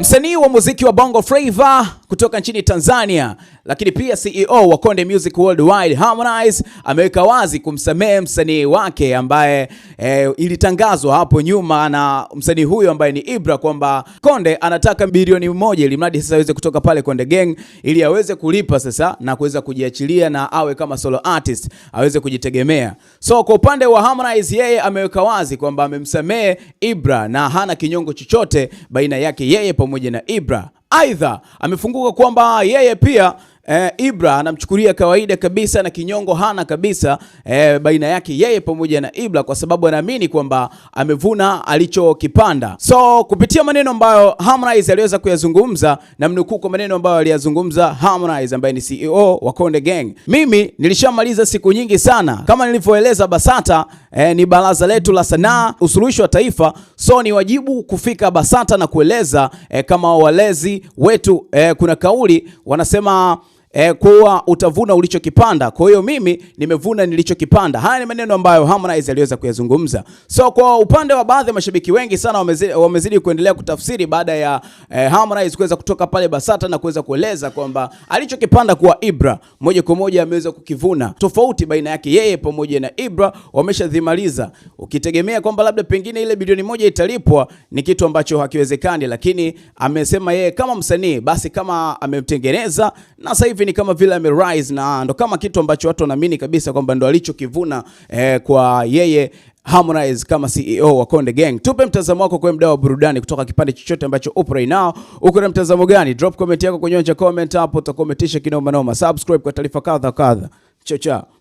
Msanii wa muziki wa Bongo Flava kutoka nchini Tanzania, lakini pia CEO wa Konde Music Worldwide Harmonize ameweka wazi kumsamehe msanii wake ambaye e, ilitangazwa hapo nyuma na msanii huyo ambaye ni Ibra kwamba Konde anataka bilioni moja ili mradi sasa aweze kutoka pale Konde Gang ili aweze kulipa sasa na kuweza kujiachilia na awe kama solo artist aweze kujitegemea. So kwa upande wa Harmonize, yeye ameweka wazi kwamba amemsamehe Ibra na hana kinyongo chochote baina yake yeye pamoja na Ibra. Aidha, amefunguka kwamba yeye pia E, Ibra anamchukulia kawaida kabisa na kinyongo hana kabisa e, baina yake yeye pamoja na Ibra kwa sababu anaamini kwamba amevuna alichokipanda. So kupitia maneno ambayo Harmonize aliweza kuyazungumza na mnukuu kwa maneno ambayo aliyazungumza Harmonize ambaye ni CEO wa Konde Gang. Mimi nilishamaliza siku nyingi sana kama nilivyoeleza Basata E, ni baraza letu la sanaa, usuluhishi wa taifa. So ni wajibu kufika BASATA na kueleza e, kama walezi wetu e, kuna kauli wanasema E, kuwa utavuna ulichokipanda. Kwa hiyo mimi nimevuna nilichokipanda. Haya ni maneno ambayo Harmonize aliweza kuyazungumza. So kwa upande wa baadhi ya mashabiki wengi sana wamezidi, wamezidi kuendelea kutafsiri baada ya eh, Harmonize kuweza kutoka pale Basata na kuweza kueleza kwamba alichokipanda kwa Ibra moja kwa moja ameweza kukivuna. Tofauti baina yake yeye pamoja na Ibra wameshadhimaliza. Ukitegemea kwamba labda pengine ile bilioni moja italipwa ni kitu ambacho hakiwezekani, lakini amesema yeye kama msanii basi kama amemtengeneza na sasa hivi ni kama vile rise na ndo kama kitu ambacho watu wanaamini kabisa kwamba ndo alichokivuna eh, kwa yeye Harmonize kama CEO wa Konde Gang. Tupe mtazamo wako kwa mdau wa burudani kutoka kipande chochote ambacho upo right now. Uko na mtazamo gani? Drop comment yako kwenye comment hapo, utakometisha kinoma noma. Subscribe kwa taarifa kadha kadha. Chao chao.